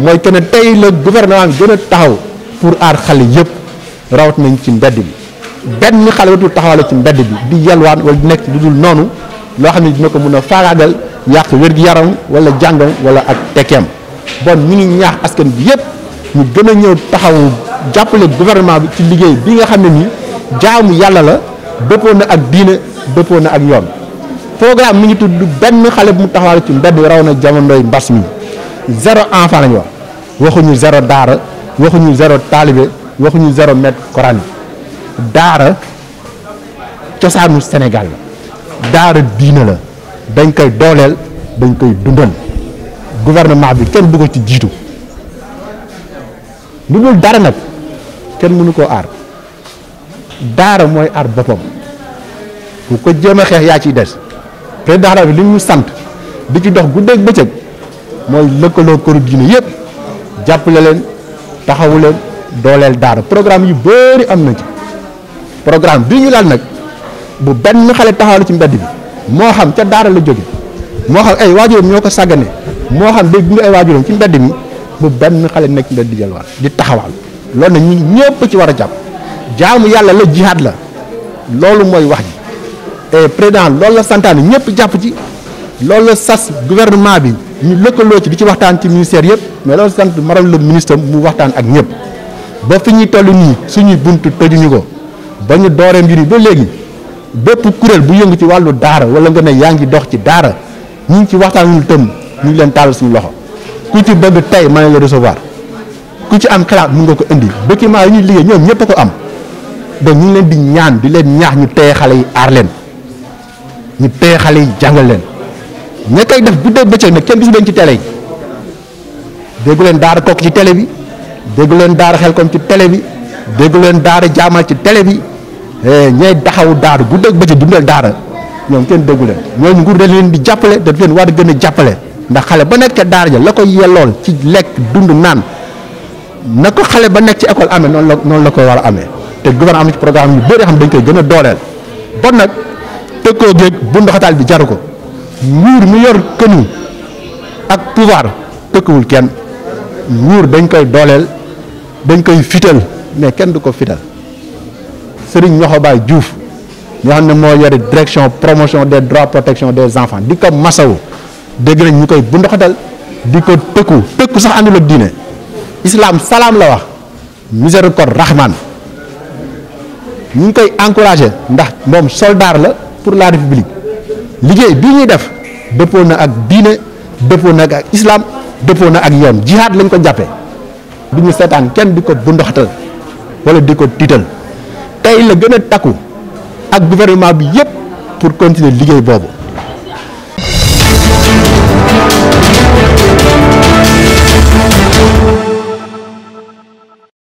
mooy que tey la gouvernement bi gën a taxaw pour aar xale yëpp rawat nañ ci mbedd bi benn xale watul taxawale ci mbedd bi di yalwaan wala di nekk lu dul noonu loo xam ne dina ko mun a faagaagal yàq wér-gi-yaram wala jàngam wala ak tekkeem bon ñu ngi ñaax askan bi yëpp ñu gën a ñëw taxawu jàppale gouvernement bi ci liggéey bi nga xam ne nii jaamu yàlla la dëppoo na ak diine dëppoo na ak yoon programme mi ngi tudd benn xale bu mu taxawale ci mbedd raw na jamonoy mbas mi. zéro enfant la ñu wax waxuñu zéro daara waxuñu zéro taalibe waxuñu zéro mètre coranique daara cosaanu Sénégal la daara diina la dañ koy dooleel dañ koy dundal gouvernement bi kenn bëgg ci jiitu lu dul dara nag kenn mënu koo aar daara mooy aar boppam bu ko jéem a xeex yaa ciy des président bi li ñu sant di ci dox guddeeg bëccëg. mooy lëkkaloo këru diine yëpp jàppale leen taxawu leen dooleel daara programme yu bëri am na ci programme bi ñu laal nag bu benn xale taxawal ci mbedd bi moo xam ca daara la jóge moo xam ay waajuram ñoo ko sàggane moo xam day nga ay waajuram ci mbedd mi bu benn xale nekk ci la di jalwaat di taxawal loolu na ñun ñëpp ci war a jàpp jaamu yàlla la jihaad la loolu mooy wax ji et président loolu la santaane ñëpp jàpp ci. loolu la sas gouvernement bi ñu lëkkaloo ci di ci waxtaan ci ministère yëpp mais loolu sant maral la ministre mu waxtaan ak ñëpp ba fi ñuy toll nii suñuy buntu tëjuñu ko ba ñu dooreem yu ni ba léegi bépp kuréel bu yëngu ci wàllu daara wala nga ne yaa ngi dox ci daara ñu ngi ci waxtaan lu tëm ñu ngi leen tàllal suñu loxo ku ci bëgg tey ma nañ la recevoir ku ci am xalaat mun nga ko indi document yi ñuy liggéey ñoom ñëpp a ko am donc ñu leen di ñaan di leen ñaax ñu téye xale leen ñu téye jàngal leen. ña koy def guddee bëccëg nag kenn gisu leen ci tele yi déggu leen daara kokk ci télé bi déggu leen daara xelkom ci télé bi déggu leen daara jaamal ci tele bi eh, ñooy taxawu daara guddee bëccëg dundal daara ñoom kenn déggu ñoom ñooñu nguur dañ leen di jàppale daf leen war a gën a jàppale ndax xale ba nekk daara ja la ko yellool ci lekk dund naan na ko xale ba nekk ci école amee noonu la noonu la koy war a amee te gouvernement am na ci programme yu bëri xam dañ koy gën a dooleel bon nag tëkkoo géeg bu ndoxataal bi jaru ko Nous que nous kënu ak pouvoir ken Nous dañ koy dolel dañ koy mais ken du ko fital Serigne Niokhobaye Diouf nga xamne mo direction promotion des droits protection des enfants ont nañ bu ndoxatal sax islam salam la miséricorde rahman Nous sommes koy soldats ndax soldat pour la république liggéey bii ñuy def dëppoon na ak diine dëppoo na ak islaam dëppoo na ak yoon jihaad lañ ko jàppe du ñu seetaan kenn di ko bundoxatal wala di ko tiital tey la gën a takku ak gouvernement bi yëpp pour continuer liggéey boobu.